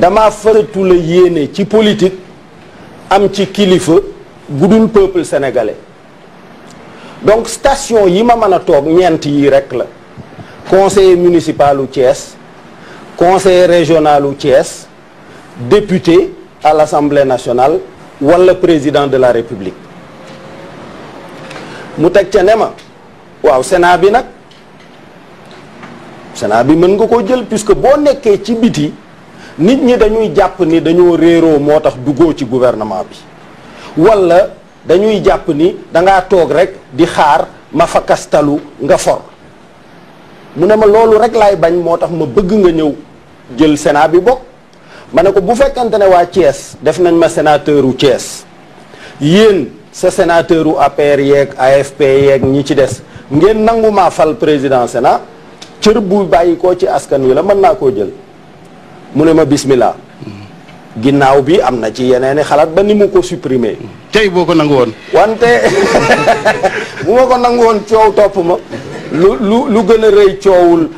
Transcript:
dama faratu la yéene ci politique am ci kilifa gudul peuple sénégalais donc station yi ma mën a toog ñeent yi rek la conseiller municipal u Thiès conseiller régional u Thiès député à l'Assemblée nationale wala président de la République mu teg ca ne ma waaw senaa bi nag senaa bi mën nga koo jël puisque boo nekkee ci biti nit ñi dañuy jàpp ni dañoo réeroo moo tax duggoo ci gouvernement bi walla dañuy jàpp ni dangaa toog rek di xaar ma fa kastalu nga for mu ne ma loolu rek laay bañ moo tax ma bëgg nga ñëw jël Sénat bi bokk ma ne ko bu fekkante ne waa Thiès def nañ ma sénateur u Thiès yéen sa sénateur u APR yeeg AFP yeeg ñi ci des ngeen nangu maa fal président Sénat cër bu bàyyi koo ci askan wi la mën naa koo jël mu ne ma bismillah ginnaaw bi am na ci yeneeni xalaat ba ni mu ko supprimer tey boo ko nangu woon wante bu ma ko nangu woon coow topp ma lu lu lu gën a rëy coowul